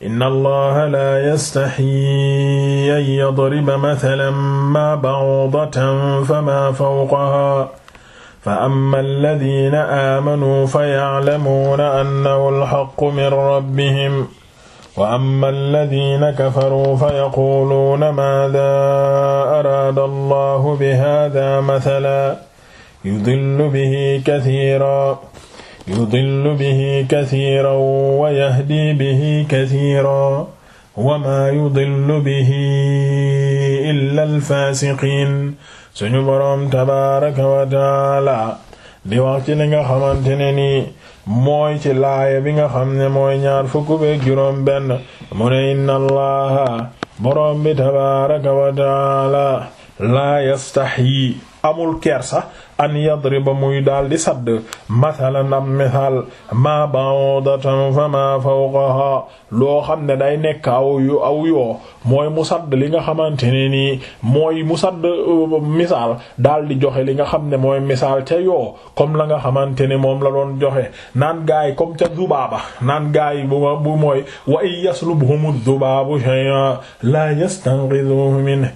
inna allaha laa yastaxyi an yadriba mathalan maa ba'udatan famaa fawqahaa fa amma alladina aamanuu fa ya'lamuuna annahu alxaqqu min rabbihim wa amma alladina kafaruu fa yaquuluuna maadaa araada allahu bihaadaa mathalan yudillu bihi kathiiran yudillu bihi kathiran wa yahdi bihi kathiran wa ma yudillu bihi illa alfaasiqiin suñu boroom tabaaraka wa taala di wax ci li nga xamante ne nii mooy ci laaya bi nga xam ne mooy ñaar fukk beek juróom benn mu ne inna allaha boroom bi tabaaraka wa taala laa yastaxyi amul kersa an yadriba muy daal di sadd mathalan am mithal ma ba'udatan fa ma fawqaha loo xam ne day nekk aw yu aw yoo mooy mu sadd li nga xamante ne nii mooy mu sadd uh, misaal daal di joxe li nga xam ne mooy misaal ca yoo comme la nga xamante ne moom la doon joxe naan gaay comme ca dubaaba naan gaay bu bu mooy wa in yaslubhumu dubaabu shay'an la yastanqidhuhu minhu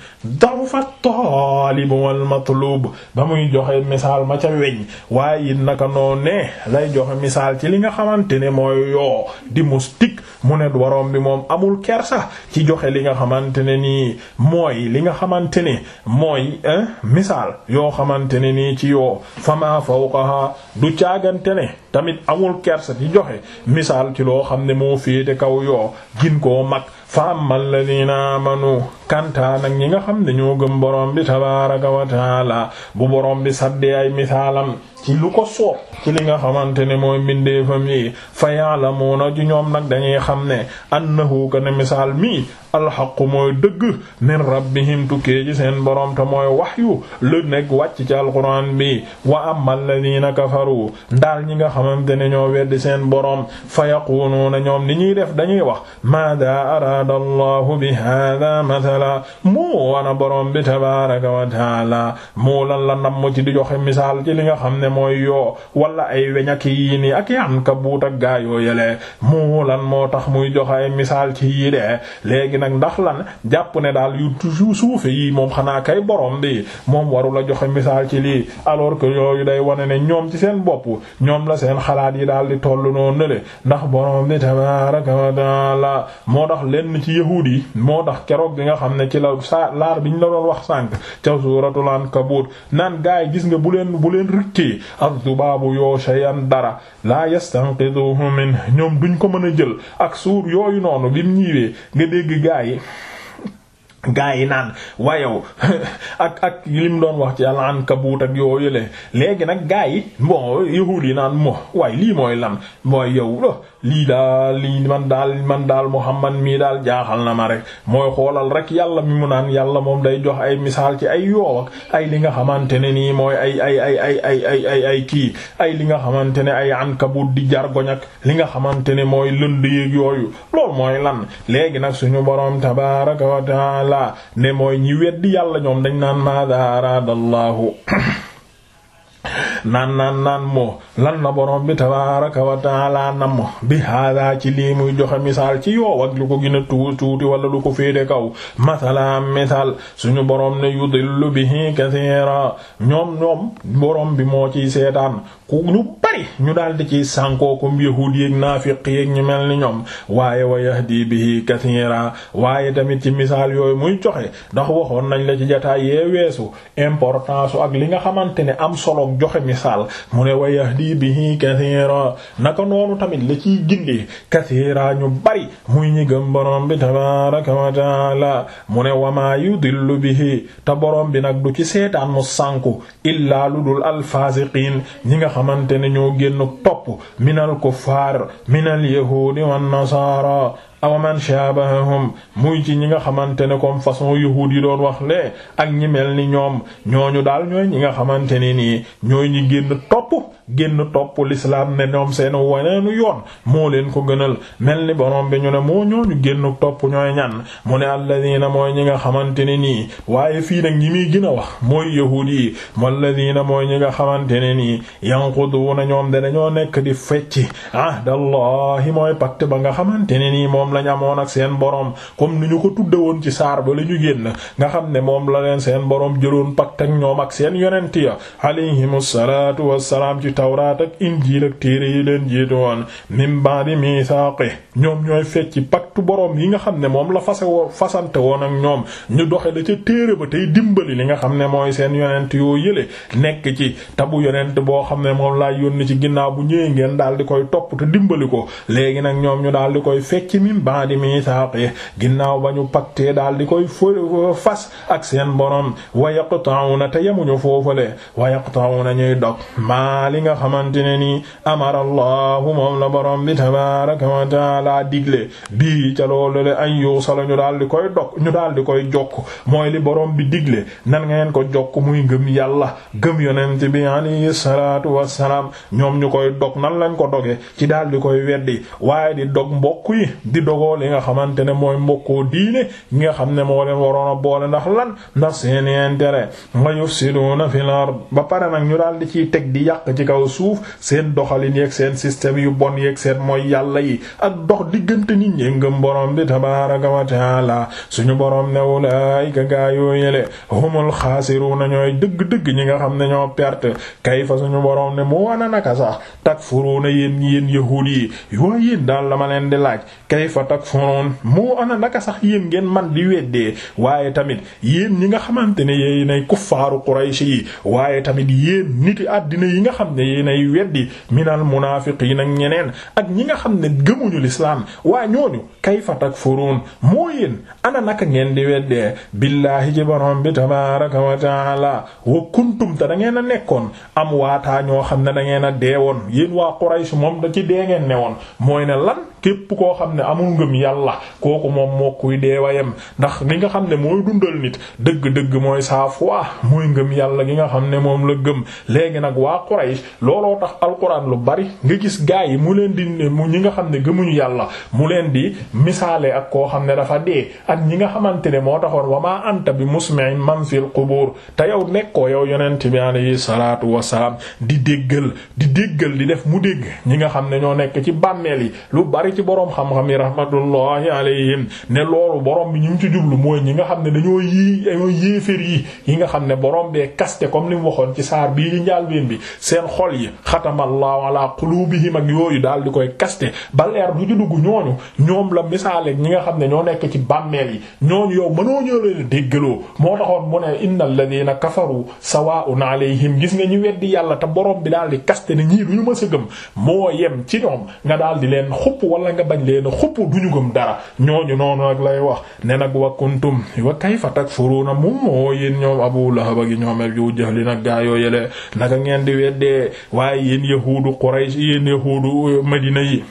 da'fa at-talib wal matlub ba muy joxe misaal ma ca weñ waaye it naka noonu ne lay joxe misaal ci li nga xamante ne mooy yoo di moustique mu ne waroom bi moom amul kersa ci joxe li nga xamante ne nii mooy li nga xamante ne mooy misaal yoo xamante ne nii ci yoo fama fawqaha du caagante ne tamit amul kersa ci joxe misaal ci loo xam ne moo féete kaw yoo gin koo mag fa amma alladina amanu kantaa nag ñi nga xam ne ñoo gëm borom bi tabaaraka wa taala bu borom bi saddee ay misaalam ci lu ko soob ci li nga xamante ne mooy mbindeefam yi fa ya'lamuna ji ñoom nag dañuy xam ne annahu kana misaal mii alxaqu mooy dëgg min rabbihim tukkee ci seen borom te mooy wahyu lu nekk wàcc ci alquran bi wa ammal ladina kafaru ndaal ñi nga xamante ne ñoo weddi seen borom fa yaquluuna ñoom ni ñi def dañuy wax maada araada allahu bi hada mathala moo wana borom bi tabaraka wa taala moo lan la nam ci di joxe misaal ci li nga xam ne mooy yoo wala ay weñ ak yii nii ak yaan ka ak gaa yoo yële moo lan moo tax muy jox ay misaal ci yii de léegi nag ndax lan jàpp ne daal yu toujours suufe yii moom xanaa kay boroom bi moom waru la joxe misaal ci lii alors que yooyu day wane ne ñoom ci seen bopp ñoom la seen xalaat yi daal di toll noonu le ndax borom bi tabaaraka wa la moo tax lenn ci yahuud yi moo tax keroog bi nga xam ne ci la sa laar biñ la doon wax sànq ca suuratul Ankabut naan azdubaabu yoo shay'an dara la yastanqiduhu min ñoom duñ ko mën a jël ak suur yooyu noonu bi mu ñiwee nga dégg gaa yi gaa yi naan wayow ak ak lim doon wax ci al-ankabut ak yoo yële léegi nag gaayi yi bon yahuud yi naan mo waay lii mooy lan mooy yow lii daal lii man daal man daal Muhammad mii daal jaaxal na ma rek mooy xoolal rek yàlla mi mu naan yàlla moom day jox ay misaal ci ay yoow ay li nga xamante ne nii mooy ay ay ay ay ay ay ay kii ay li nga xamante ne ay ankabut di jargoñ ak li nga xamante ne mooy lënd yéeg yooyu loolu mooy lan léegi nag suñu boroom tabaaraka wa taala ne mooy ñi weddi yàlla ñoom dañ naan ma daaraadallahu naan naan naan moo lan la borom bi tabaaraka wa taala nam bi hada ci lii muy joxe misaal ci yow ak lu ko gën a tuuti tuuti lu ko féete kaw masala misaal suñu borom ne yudillu bihi kaseera ñoom ñoom borom bi moo ciy seetaan ku ñu bari ñu daal di ciy sànkoo comme yahuud yeek naafiq yeek ñu mel ni ñoom waaye wa yahdi bihi kaseera waaye tamit ci misaal yooyu muy joxe ndax waxoon nañ la ci jotaay yee weesu importance ak li nga xamante ne am solo misaal mu ne wa yahdi bihi kathira naka noonu tamit la ciy gindee kathira ñu bari muy ñi gëm borom bi tabaraka wa taala mu ne wama yudillu bihi te borom bi nag ci seetaan mu sànku illaa lu dul alfasiqiin xamante ne ñoo génn topp minal kuffar minal yahuudi wan nasaara aw man shaabahahum muy ci ñi nga xamante ne comme façon yahuud yi doon wax lee ak ñi mel ni ñoom ñoo ñu daal ñooy ñi nga xamante ne nii ñooy ñi génn topp génn topp l'islam ne ñoom seen waneenu yoon moo leen ko gënal mel ni borom bi ñu ne moo ñooñu génn topp ñooy ñan mu ne alladina mooy ñi nga xamante ne nii waaye fii nag ñi muy gën a wax mooy yahuud yi walladina mooy ñi nga xamante ne nii yanquduuna ñoom de dañoo nekk di fecci ahdallahi mooy pacte ba nga xamante ne nii moom lañ amoon ak seen borom comme ni ñu ko tudde woon ci saar ba la ñu génn nga xam ne moom la leen seen borom jëloon pacte ak ñoom ak seen yonent ya alayhimu salaatu wassalaam ci tawraat ak injiil ak téere yi leen jiitu woon min ba'di ñoom ñooy fecc nattu boroom yi nga xam ne moom la fase woo fasante woon ak ñoom ñu doxe la ca téere ba tey dimbali li nga xam ne mooy seen yonent yoo yële nekk ci tabu yonent boo xam ne moom laa yónni ci ginnaaw bu ñëwee ngeen daal di koy topp te dimbali ko léegi nag ñoom ñu daal di koy fecc min ba'di miisaaqi ginnaaw ba ñu pactee daal di koy fas ak seen boroom wa yaqta'una te yemuñu foofale wa yaqta'una ñuy dog maa li nga xamante ne nii amara Allahu moom la bii ca loolu le an yuusala ñu daal di koy dok ñu daal di koy jokk mooy li boroom bi digle nan ngeen ko jokk muy gëm yàlla gëm yonent bi alayhi salaatu wassalaam ñoom ñu koy dog nan lañ ko doge ci daal di koy weddi waaye di dog mbokk yi di dogoo li nga xamante ne mooy mbokkoo diine ñi nga xam ne moo leen waroon boole ndax lan ndax seeni intérêt wa yufsiduuna fil ard ba pare nag ñu daal di ciy teg di yàq ci kaw suuf seen doxalin yeeg seen système yu bon yeeg seen mooy yàlla moom borom bi tabaaraka wa taala suñu borom ne ulaayika gaa yoo yële humul xaasiruuna ñooy dëgg-dëgg ñi nga xam ne ñoo perte kayfa suñu borom ne mu wana naka sax takfuruuna yéen yéen yahuud yi waaye yéen leen di laaj kayfa takfuruun mu ana naka sax yéen ngeen man di weddee waaye tamit yéen ñi nga xamante ne yéenay kuffaaru Quraysh yi waaye tamit yéen niti àddina yi nga xam ne yéenay weddi minal yi nag ñeneen ak ñi nga xam ne gëmuñu lislaam waa ñooñu kayfa takfuruun moo yéen ana naka ngeen di weddee billaahi ci borom bi tabaaraka wa taala wa kuntum te da ngeen a nekkoon am waataa ñoo xam ne da ngeen a deewoon yéen waa Quraysh moom da ci dee ngeen newoon mooy ne lan képp koo xam ne amul ngëm yàlla kooku moom moo kuy deewayem ndax li nga xam ne mooy dundal nit dëgg-dëgg mooy sa foi mooy ngëm yàlla gi nga xam ne moom la gëm léegi nag waa Quraysh looloo tax alquran lu bari nga gis gaa yi mu leen di mu ñi nga xam ne gëmuñu yàlla mu leen di misaale ak koo xam ne dafa dee ak ñi nga xamante ne moo taxoon wa maa anta bi musmi'in man fil qubur te yow nekkoo yow yonent bi alayhi salaatu wasalaam di déggal di déggal di def mu dégg ñi nga xam ne nekk ci bàmmeel yi bari ci boroom xam-xam yi rahmatullahi alayhim ne loolu borom bi ñu ngi ci jublu mooy ñi nga xam ne dañoo yii dañoo yéeféer yi yi nga xam ne borom bee kaste comme li mu waxoon ci saar bii di njàlbeen bi seen xol yi xatamallahu ala qulubihim ak yooyu daal di koy kaste ba leer du ci dugg ñooñu ñoom la misaale ñi nga xam ne ñoo nekk ci bàmmeel yi ñooñu yow mënoo ñoo leen déggaloo moo taxoon mu ne innal ladina kafaru sawaa'un alayhim gis nga ñu weddi yàlla te borom bi daal di kaste ne ñii duñu mësa gëm moo wala nga bañ leen a xupp duñu gëm dara ñooñu noonu nag lay wax ne nag wa kuntum wa kayfa takfuruna moom moo yéen ñoom Abu Lahab gi ñoom Abu Jahl nag gaa yoo yële naka ngeen di weddee waaye yéen yahuudu Quraysh yéen yahuudu Madina yi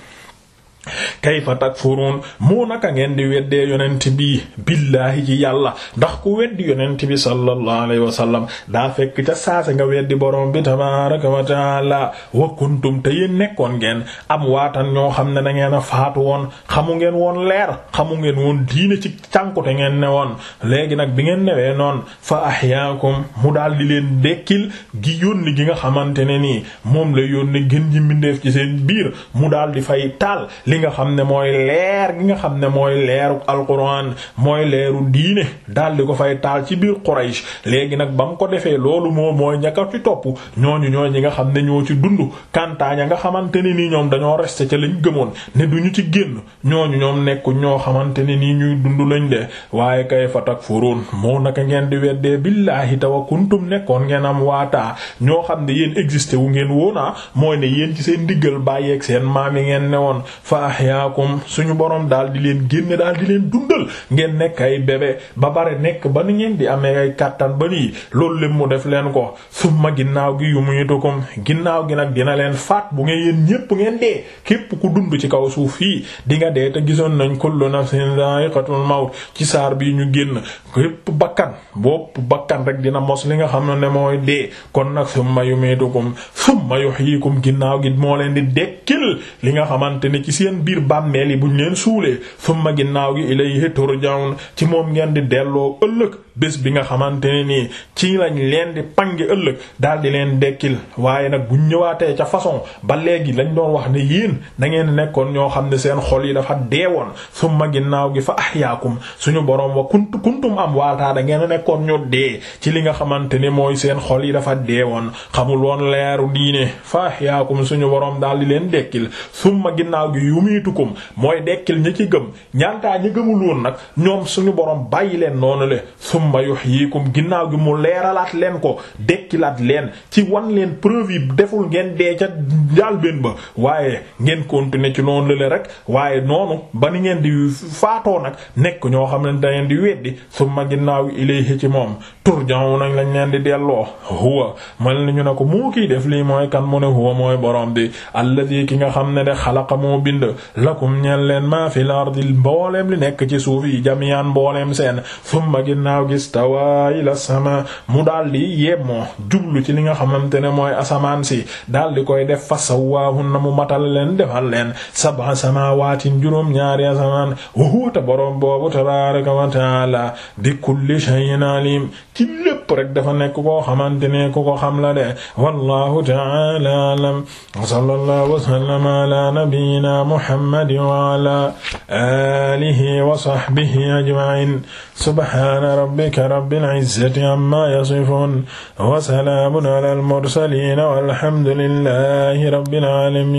kayfa takfuruun moo naka ngeen di weddee yonent bi billaahi ci yàlla ndax ku weddi yonent bi sallallahu alayhi wa sallam daa fekk ca saase nga weddi borom bi tabaaraka wa taala wa kuntum te yéen nekkoon ngeen am waatan ñoo xam ne dangeen a faatu woon xamu ngeen woon leer xamu ngeen woon diine ci cànkute ngeen newoon léegi nag bi ngeen newee noon fa ahyaakum mu daal di leen dekkil gi yónni gi nga xamante ne nii moom la yónni gën ji mbindeef ci seen biir li nga xam ne mooy leer gi nga xam ne mooy leeru alquran mooy leeru diine daal ko fay taal ci biir Quraysh léegi nag ba mu ko defee loolu moo mooy ñaka ci topp ñooñu ñooy ñi nga xam ne ñoo ci dund kantaaña nga xamante ne nii ñoom dañoo resté ca lañ gëmoon ne duñu ci génn ñooñu ñoom nekku ñoo xamante ne nii ñuy dund lañ de waaye kay fatak furoon moo naka ngeen di weddee billaahi tawa kuntum nekkoon ngeen am waataa ñoo xam ne yéen existé wu ngeen woonaa mooy ne yéen ci seen diggal bàyyeeg seen maam yi ngeen newoon fa ahyaakum suñu borom daal di leen génne daal di leen dundal ngeen nekk ay bébé ba bare nekk ba ni ngeen di amee ay kàttan ba nii loolu lépp mu def leen ko summa ginnaaw gi yu muyitukum ginnaaw gi nag dina leen faat bu ngeen yéen ñépp képp ku dund ci kaw suuf fii di dee te gisoon nañ kullu nafsin dha'iqatul mawt ci saar bi ñu génn képp bakkan bopp bakkan rek dina mos li nga xam ne yumitukum summa yuhyikum ginnaaw gi moo leen di dekkil li nga xamante ne ci seen seen biir bàmmeel yi bu buñ leen suulee summa ginnaaw gi ilayhi turja'un ci moom ngeen di delloo ëllëg bés bi nga xamante ne nii ci lañ leen di pangi ëllëg daal di leen dekkil waaye nag buñ ñëwaatee ca façon ba léegi lañ doon wax ne yéen da ngeen nekkoon ñoo xam ne seen xol yi dafa deewoon summa ginnaaw gi fa ahyaakum suñu boroom wa kuntu kuntum am waataa da ngeen nekkoon ñu dee ci li nga xamante ne mooy seen xol yi dafa deewoon xamul woon leeru diine fa ahyaakum suñu boroom daal di leen dekkil yumiitukum mooy dekkil ña ci gëm ñantaa ñi gëmul woon nag ñoom suñu borom bàyyi leen noonu le summa yuhyikum ginnaaw gi mu leeralaat leen ko dekkilaat leen ci wan leen preuve yi deful ngeen dee ca jaal benn ba waaye ngeen kontine ci noonu la rek waaye noonu ba ni ngeen di faatoo nag nekk ñoo xam ne da ngeen di weddi summa ginnaaw ilayhi ci moom turja'u nag lañ leen di delloo huwa man li ñu ne ko moo kiy def lii mooy kan mu ne huwa mooy borom ki de lakum ñeel leen maa fil ardi mbooleem li nekk ci suuf yi jami'an seen summa ginnaaw gis tawaa la sama mu daal di yemmoo jublu ci li nga xamante ne mooy asamaan si daal di koy def fa sawwaahunna mu matal leen defal leen sab'a samawaatin juróom ñaari asamaan wa huwa boroom boobu tabaaraka wa bi kulli shay'in lépp rek dafa nekk koo xamante ne ku ko xam la de wallahu ta'ala a'lam wa sallallahu wa sallama ala nabiyyina muhammadin wa ala alihi wa sahbihi ajma'in subhana rabbika rabbil izzati amma yasifun wa salamun ala al mursalin walhamdulillahi rabbil alamin